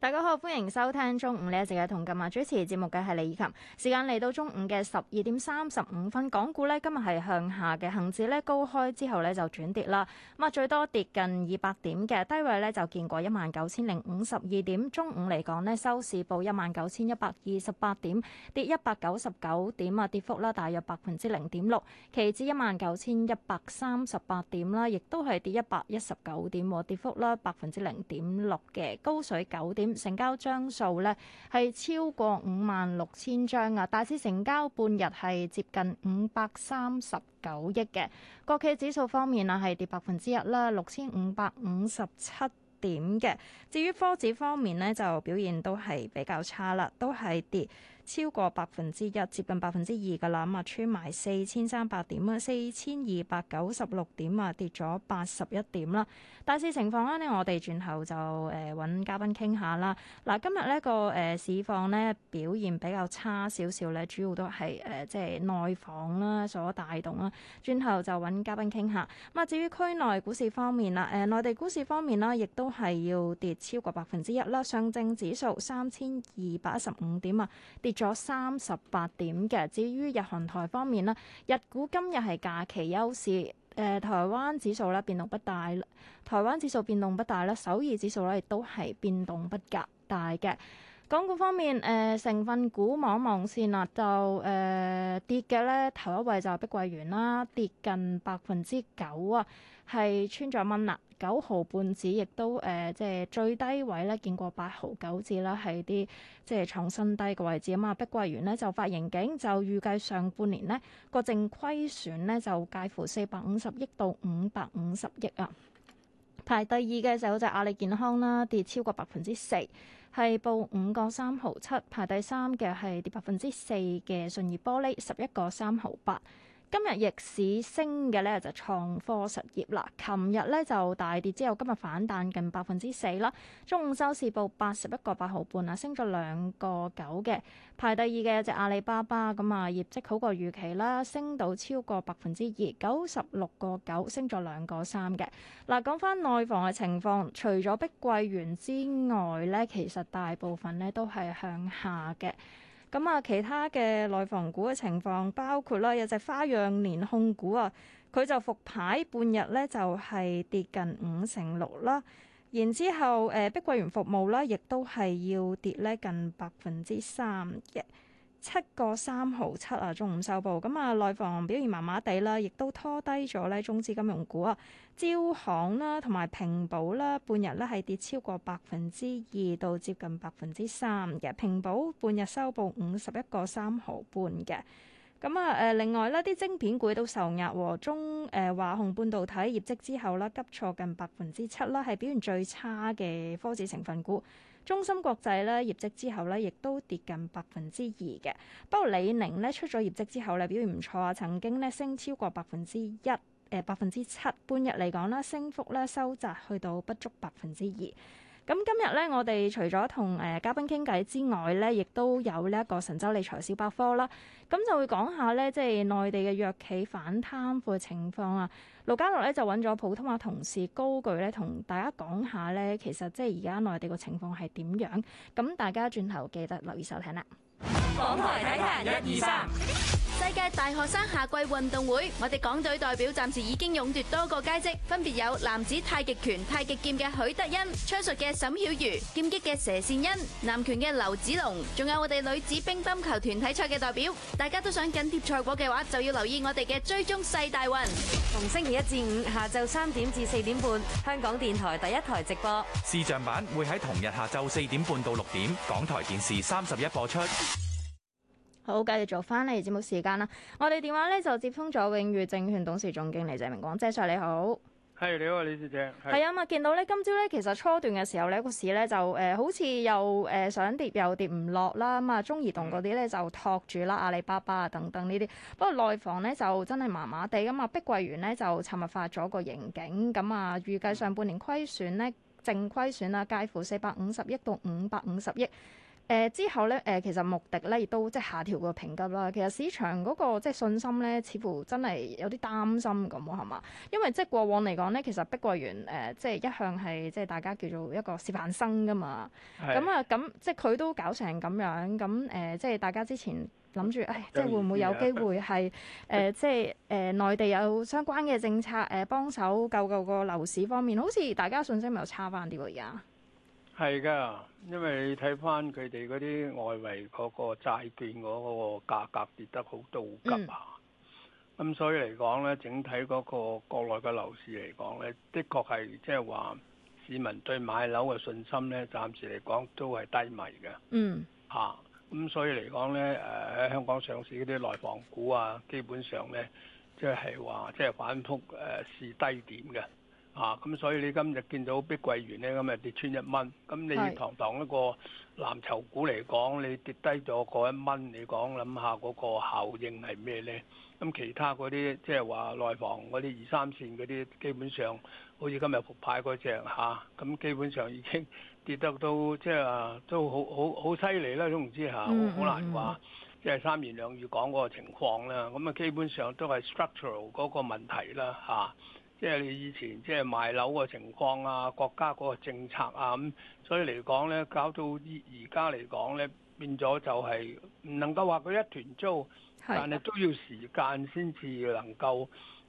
大家好，歡迎收聽中午呢一節嘅，同今日主持節目嘅係李以琴。時間嚟到中午嘅十二點三十五分，港股呢今日係向下嘅，恒指呢高開之後呢就轉跌啦。咁啊，最多跌近二百點嘅，低位呢就見過一萬九千零五十二點。中午嚟講呢，收市報一萬九千一百二十八點，跌一百九十九點啊，跌幅啦大約百分之零點六。期指一萬九千一百三十八點啦，亦都係跌一百一十九點，跌幅啦百分之零點六嘅，19, 6, 高水九點。成交張數呢係超過五萬六千張啊！大市成交半日係接近五百三十九億嘅。國企指數方面啊，係跌百分之一啦，六千五百五十七點嘅。至於科指方面呢，就表現都係比較差啦，都係跌。超過百分之一，接近百分之二嘅啦，咁啊，穿埋四千三百點啊，四千二百九十六點啊，跌咗八十一點啦。大市情況呢，我哋轉頭就誒揾、呃、嘉賓傾下啦。嗱、啊，今日呢、個誒、呃、市況呢，表現比較差少少呢，主要都係誒即係內房啦，所帶動啦。轉頭就揾嘉賓傾下。咁啊，至於區內股市方面啦，誒、呃、內地股市方面咧，亦都係要跌超過百分之一啦。上證指數三千二百一十五點啊，跌。咗三十八點嘅，至於日韓台方面咧，日股今日係假期休市，誒、呃、台灣指數咧變動不大，台灣指數變動不大咧，首爾指數咧亦都係變動不大嘅。港股方面，誒、呃、成份股望望先啦，就誒、呃、跌嘅咧。頭一位就係碧桂園啦，跌近百分之九啊，係穿咗蚊啦。九毫半紙亦都誒即係最低位咧，見過八毫九紙啦，係啲即係創新低嘅位置啊嘛、嗯。碧桂園咧就發盈警，就預計上半年咧個淨虧損咧就介乎四百五十億到五百五十億啊。排第二嘅就就阿里健康啦，跌超過百分之四。係報五個三毫七，7，排第三嘅係跌百分之四嘅順義玻璃，十一個三毫八。今日逆市升嘅咧就創科實業啦，琴日咧就大跌之後今日反彈近百分之四啦。中午收市報八十一個八毫半啊，升咗兩個九嘅。排第二嘅有隻阿里巴巴，咁啊業績好過預期啦，升到超過百分之二，九十六個九，升咗兩個三嘅。嗱，講翻內房嘅情況，除咗碧桂園之外咧，其實大部分咧都係向下嘅。咁啊，其他嘅內房股嘅情況包括啦，有隻花樣年控股啊，佢就復牌半日咧，就係、是、跌近五成六啦。然之後，誒、呃、碧桂園服務啦，亦都係要跌咧近百分之三嘅。Yeah. 七個三毫七啊，中午收報。咁啊，內房表現麻麻地啦，亦都拖低咗咧。中資金融股啊，招行啦，同埋平保啦，半日咧係跌超過百分之二到接近百分之三嘅。平保半日收報五十一個三毫半嘅。咁啊，誒另外咧，啲晶片股都受壓，和中誒華虹半導體業績之後啦，急挫近百分之七啦，係表現最差嘅科指成分股。中芯國際咧業績之後咧，亦都跌近百分之二嘅。不過李寧咧出咗業績之後，咧表現唔錯啊，曾經咧升超過百分之一，誒百分之七。半日嚟講咧，升幅咧收窄去到不足百分之二。咁今日咧，我哋除咗同誒嘉賓傾偈之外咧，亦都有呢一個神州理財小百科啦。咁就會講下咧，即係內地嘅藥企反貪腐嘅情況啊。盧嘉樂咧就揾咗普通話同事高巨，咧，同大家講下咧，其實即係而家內地嘅情況係點樣。咁大家轉頭記得留意收聽啦。港台睇睇一二三。1, 2, 世界大學生夏季運動會，我哋港隊代表暫時已經勇奪多個佳績，分別有男子太極拳、太極劍嘅許德欣，槍術嘅沈曉瑜，劍擊嘅佘善恩，南拳嘅劉子龍，仲有我哋女子乒乓球團體賽嘅代表。大家都想緊貼賽果嘅話，就要留意我哋嘅追蹤世大運，從星期一至五下晝三點至四點半，香港電台第一台直播，視像版會喺同日下晝四點半到六點，港台電視三十一播出。好，繼續做翻嚟節目時間啦。我哋電話咧就接通咗永裕證券董事總經理謝明光，謝 Sir 你好。係你好啊，李小姐。係啊，啊，見到咧今朝咧其實初段嘅時候咧個市咧就誒、呃、好似又誒想跌又跌唔落啦。咁啊，中移動嗰啲咧就托住啦，阿里巴巴啊等等呢啲。不過內房咧就真係麻麻地咁啊，碧桂園咧就尋日發咗個盈警，咁啊預計上半年虧損咧淨虧損啊介乎四百五十億到五百五十億。誒、呃、之後咧，誒、呃、其實穆迪咧亦都即係下調個評級啦。其實市場嗰、那個即係信心咧，似乎真係有啲擔心咁、啊、喎，係嘛？因為即係過往嚟講咧，其實碧桂園誒、呃、即係一向係即係大家叫做一個示飯生噶嘛。咁啊是，咁即係佢都搞成咁樣，咁誒、呃、即係大家之前諗住誒，即係會唔會有機會係誒、啊 呃、即係誒內地有相關嘅政策誒幫、呃、手救救個樓市方面？好似大家信心又差翻啲喎，而家。係噶，因為你睇翻佢哋嗰啲外圍嗰個債券嗰個價格跌得好倒急、嗯、啊！咁所以嚟講呢，整體嗰個國內嘅樓市嚟講呢，的確係即係話市民對買樓嘅信心呢，暫時嚟講都係低迷嘅。嗯。嚇、啊！咁所以嚟講呢，誒、啊、喺香港上市嗰啲內房股啊，基本上呢，即係話即係反覆誒試低點嘅。啊，咁所以你今日見到碧桂園咧，咁啊跌穿一蚊，咁你堂堂一個藍籌股嚟講，你跌低咗過一蚊你講，諗下嗰個效應係咩咧？咁其他嗰啲即係話內房嗰啲二三線嗰啲，基本上好似今日復牌嗰隻嚇，咁、啊、基本上已經跌得都即係都好好好犀利啦，都唔知嚇，好，好難話，即係三言兩語講嗰個情況啦。咁啊，基本上都係 structural 嗰個問題啦，嚇、啊。即係你以前即係賣樓嘅情況啊，國家嗰個政策啊咁，所以嚟講呢，搞到而而家嚟講呢，變咗就係唔能夠話佢一團糟，的但係都要時間先至能夠。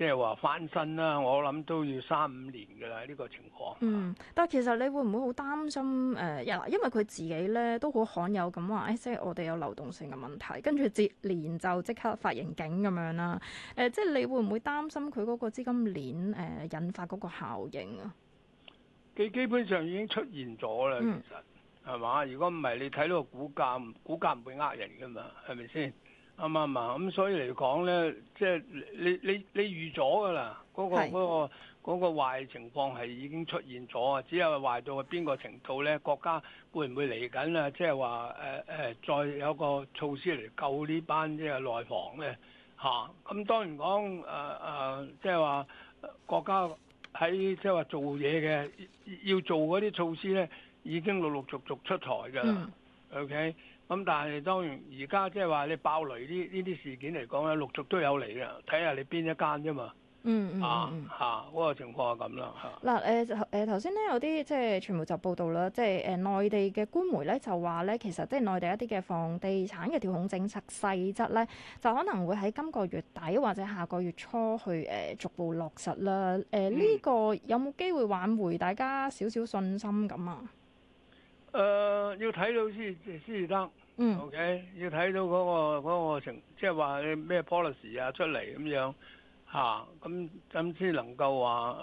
即係話翻身啦，我諗都要三五年㗎啦，呢、這個情況。嗯，但係其實你會唔會好擔心？誒、呃，因因為佢自己咧都好罕有咁話，誒，即係我哋有流動性嘅問題，跟住接連就即刻發盈警咁樣啦。誒、呃，即係你會唔會擔心佢嗰個資金鏈誒、呃、引發嗰個效應啊？佢基本上已經出現咗啦，其實係、嗯、嘛？如果唔係你睇到個股價，股價唔會呃人㗎嘛，係咪先？啱唔啱啊？咁、嗯嗯、所以嚟講咧，即係你你你預咗噶啦，嗰、嗰個嗰是、嗰個嗰個壞情況係已經出現咗啊！只有壞到去邊個程度咧？國家會唔會嚟緊啊？即係話誒誒，再有個措施嚟救呢班即係內房咧嚇？咁、啊、當然講誒誒，即係話國家喺即係話做嘢嘅要做嗰啲措施咧，已經陸陸續續出台㗎啦。O K、嗯。Okay? 咁但係當然，而家即係話你爆雷呢？呢啲事件嚟講咧，陸續都有嚟、嗯嗯、啊！睇下你邊一間啫嘛。嗯嗯啊嚇，嗰個情況係咁啦嚇。嗱誒誒頭先咧有啲即係傳媒就報道啦，即係誒內地嘅官媒咧就話咧，其實即係內地一啲嘅房地產嘅調控政策細則咧，就可能會喺今個月底或者下個月初去誒、呃、逐步落實啦。誒、呃、呢、嗯、個有冇機會挽回大家少少信心咁啊？要睇到先先至得，嗯，OK，要睇到嗰個嗰個情，即係話咩 policy 啊出嚟咁樣嚇，咁咁先能夠話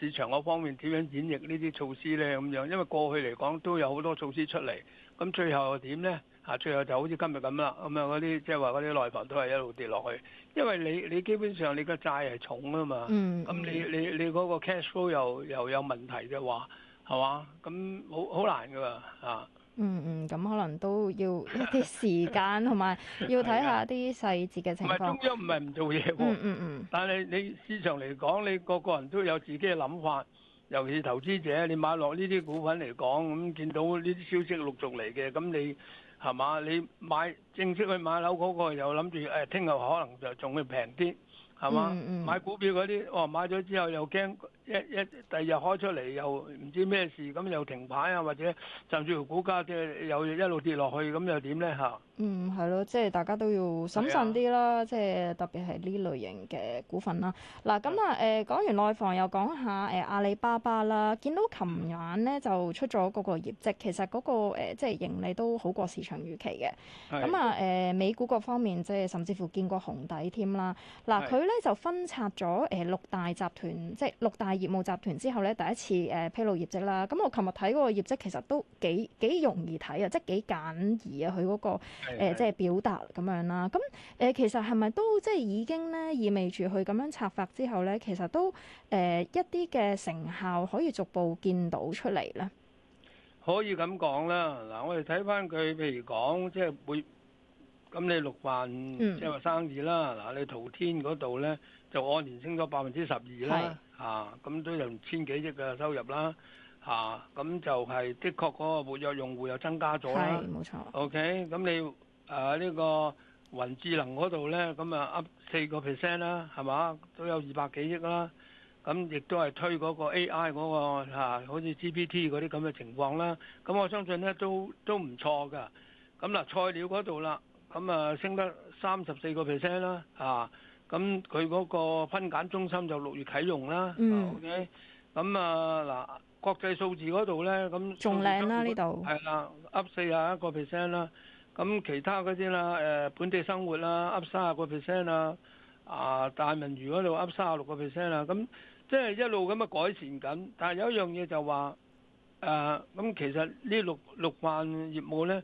誒誒市場嗰方面點樣演繹呢啲措施咧咁樣，因為過去嚟講都有好多措施出嚟，咁最後又點咧嚇？最後就好似今日咁啦，咁啊嗰啲即係話嗰啲內房都係一路跌落去，因為你你基本上你個債係重啊嘛，嗯，咁你你你嗰個 cash flow 又又有問題嘅話。係嘛？咁好好難噶吓、啊嗯。嗯嗯，咁可能都要一啲時間，同埋 要睇下啲細節嘅情況。中央唔係唔做嘢喎、啊嗯。嗯嗯但係你市場嚟講，你個個人都有自己嘅諗法。尤其是投資者，你買落呢啲股份嚟講，咁見到呢啲消息陸續嚟嘅，咁你係嘛？你買正式去買樓嗰、那個又諗住誒，聽、哎、日可能就仲會平啲，係嘛、嗯？嗯買股票嗰啲，哦，買咗之後又驚。一一第二日開出嚟，又唔知咩事，咁又停牌啊，或者甚至乎股價即係又一路跌落去，咁又點咧嚇？嗯，係咯，即係大家都要審慎啲啦，的即係特別係呢類型嘅股份啦。嗱、啊，咁啊誒講完內房又講下誒阿里巴巴啦，見到琴晚咧就出咗嗰個業績，其實嗰、那個即係盈利都好過市場預期嘅。係的。咁啊誒美股各方面即係甚至乎見過紅底添啦。嗱、啊，佢咧就分拆咗誒六大集團，即係六大。業務集團之後咧，第一次誒披露業績啦。咁我琴日睇嗰個業績，其實都幾幾容易睇啊，即係幾簡易啊。佢嗰、那個是的、呃、即係表達咁樣啦、啊。咁誒、呃、其實係咪都即係已經咧意味住佢咁樣策劃之後咧，其實都誒、呃、一啲嘅成效可以逐步見到出嚟咧。可以咁講啦。嗱，我哋睇翻佢，譬如講即係每咁你六萬、嗯、即係話生意啦。嗱，你淘天嗰度咧就按年升咗百分之十二啦。啊，咁都有千幾億嘅收入啦，啊，咁就係的確嗰個活躍用戶又增加咗啦，冇錯。OK，咁你啊呢個雲智能嗰度咧，咁啊 up 四個 percent 啦，係嘛，都有二百幾億啦。咁亦都係推嗰個 AI 嗰個啊，好似 GPT 嗰啲咁嘅情況啦。咁我相信咧都都唔錯㗎。咁嗱，菜鳥嗰度啦，咁啊升得三十四個 percent 啦，啊。咁佢嗰個分揀中心就六月啟用啦。O K，咁啊嗱，國際數字嗰度咧，咁仲靚啦呢度，係啦，up 四啊一個 percent 啦。咁其他嗰啲啦，誒本地生活啦，up 卅啊個 percent 啦，啊大文娛嗰度 up 卅啊六個 percent 啦。咁即係一路咁啊改善緊。但係有一樣嘢就話，誒咁其實呢六六萬業務咧，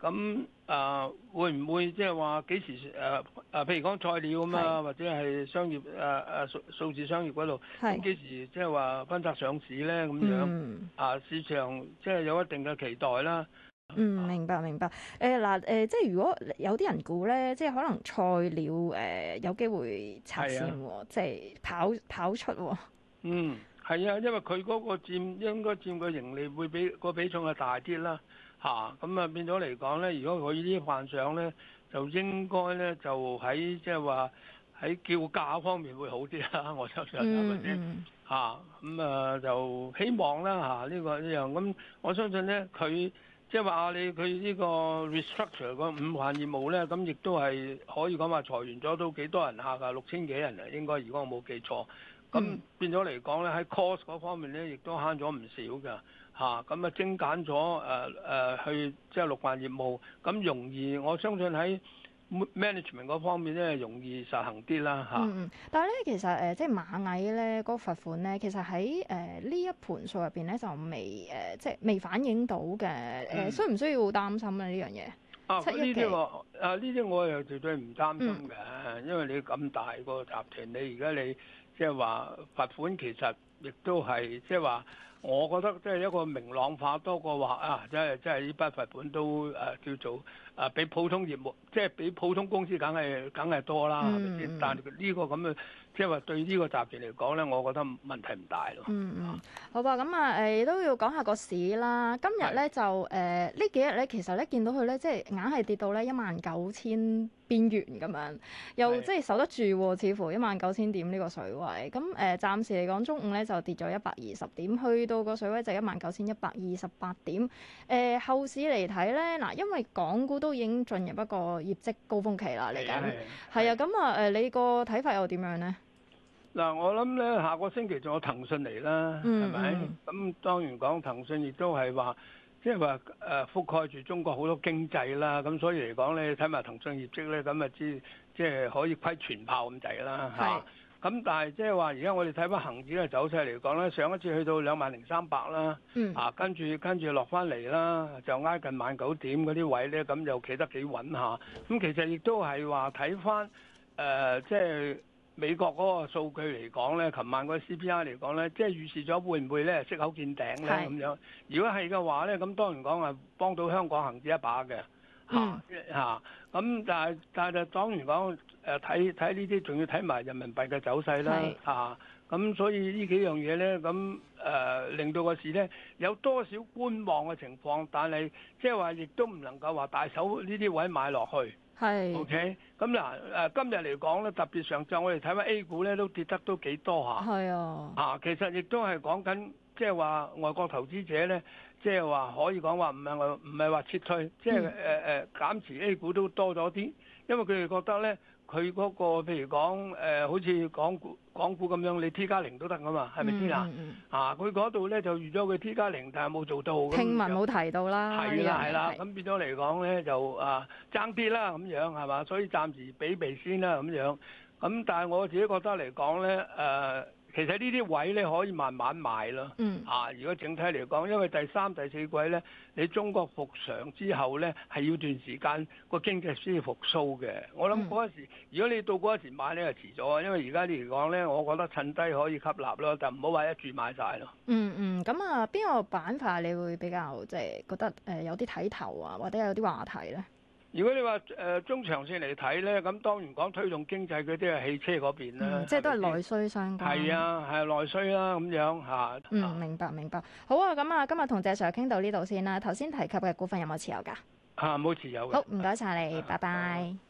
咁。啊，會唔會即係話幾時誒誒，譬如講菜鳥咁啊，或者係商業誒誒數數字商業嗰度，咁幾時即係話分拆上市咧？咁樣啊，市場即係有一定嘅期待啦。嗯，明白，明白。誒嗱誒，即係如果有啲人估咧，即係可能菜鳥誒有機會拆線喎，即係跑跑出喎。嗯，係啊，因為佢嗰個佔應該佔個盈利會比個比重係大啲啦。啊，咁啊變咗嚟講咧，如果佢呢啲幻想咧，就應該咧就喺即係話喺叫價方面會好啲啦， 我想，係咪先？嚇、hmm. 啊，咁、嗯、啊就希望啦嚇呢、啊呢個呢樣。咁、啊、我相信咧，佢即係話你佢呢個 restructure 個五環業務咧，咁亦都係可以講話裁員咗都幾多人下㗎，六千幾人啊，應該。如果我冇記錯，咁變咗嚟講咧喺 cost 嗰方面咧，亦都慳咗唔少㗎。嚇，咁啊精簡咗誒誒去即係六瓣業務，咁容易我相信喺 management 方面咧容易實行啲啦嚇。啊、嗯，但係咧其實誒即係螞蟻咧嗰個罰款咧，其實喺誒、呃、呢、那個呢呃、一盤數入邊咧就未誒即係未反映到嘅誒，需唔、嗯、需要擔心呢啊呢樣嘢？啊，呢啲喎呢啲我又絕對唔擔心嘅，嗯、因為你咁大個集團，你而家你，你即係話罰款其實亦都係即係話。我覺得即係一個明朗化多過話啊！即係即係呢筆罰款都誒、呃、叫做誒、啊、比普通業務，即係比普通公司梗係梗係多啦，係咪先？但係呢個咁嘅。即係話對呢個集團嚟講咧，我覺得問題唔大咯。嗯嗯，好吧，咁啊誒都要講下個市啦。今日咧就誒呢幾日咧，其實咧見到佢咧，即係硬係跌到咧一萬九千邊緣咁樣，又即係守得住喎，似乎一萬九千點呢個水位。咁誒暫時嚟講，中午咧就跌咗一百二十點，去到個水位就一萬九千一百二十八點。誒後市嚟睇咧，嗱，因為港股都已經進入一個業績高峰期啦，嚟緊係啊。咁啊誒，你個睇法又點樣咧？嗱，我諗咧，下個星期仲有騰訊嚟啦，係咪、mm？咁、hmm. 當然講騰訊亦都係話，即係話誒覆蓋住中國好多經濟啦。咁所以嚟講咧，睇埋騰訊業績咧，咁啊知，即、就、係、是、可以窺全豹咁滯啦嚇。咁、mm hmm. 是但係即係話，而家我哋睇翻恒指咧走勢嚟講咧，上一次去到兩萬零三百啦，hmm. 啊跟住跟住落翻嚟啦，就挨近萬九點嗰啲位咧，咁又企得幾穩下。咁其實亦都係話睇翻誒，即、呃、係。呃就是美國嗰個數據嚟講咧，琴晚嗰個 CPI 嚟講咧，即係預示咗會唔會咧，息口見頂咧咁樣。是如果係嘅話咧，咁當然講係，幫到香港行至一把嘅嚇嚇。咁、嗯啊、但係但係就當然講誒，睇睇呢啲，仲要睇埋人民幣嘅走勢啦嚇。咁是、啊、所以呢幾樣嘢咧，咁誒、呃、令到個市咧有多少觀望嘅情況，但係即係話亦都唔能夠話大手呢啲位買落去。係，OK，咁、嗯、嗱，誒今日嚟講咧，特別上晝我哋睇翻 A 股咧，都跌得都幾多嚇，係的啊，嚇其實亦都係講緊，即係話外國投資者咧，即係話可以講話唔係外唔係話撤退，即係誒誒減持 A 股都多咗啲，因為佢哋覺得咧。佢嗰個譬如講誒，好似港股港股咁樣，你 T 加零都得噶嘛，係咪先啊？啊，佢嗰度咧就預咗佢 T 加零，但係冇做到。聽聞冇樣提到啦。係啦係啦，咁變咗嚟講咧就啊、呃、爭啲啦咁樣係嘛，所以暫時比備先啦咁樣。咁但係我自己覺得嚟講咧誒。呃其實呢啲位咧可以慢慢買咯，嗯啊，如果整體嚟講，因為第三第四季咧，你中國復常之後咧，係要段時間個經濟先復甦嘅。我諗嗰陣時，嗯、如果你到嗰陣時買咧，就遲咗啊。因為而家嚟講咧，我覺得趁低可以吸納咯，就唔好話一住買晒咯、嗯。嗯嗯，咁啊，邊個板塊你會比較即係、就是、覺得誒、呃、有啲睇頭啊，或者有啲話題咧？如果你話誒中長線嚟睇咧，咁當然講推動經濟嗰啲係汽車嗰邊啦，即係、嗯、吧都係內需相關。係啊，係內需啦、啊、咁樣嚇。嗯，啊、明白明白。好啊，咁啊，今日同謝 Sir 傾到呢度先啦。頭先提及嘅股份有冇持有㗎？嚇冇、啊、持有嘅。好，唔該晒你，拜拜。